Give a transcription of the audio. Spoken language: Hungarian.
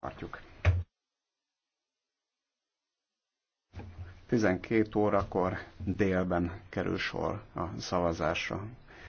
tartjuk. 12 órakor délben kerül sor a szavazásra.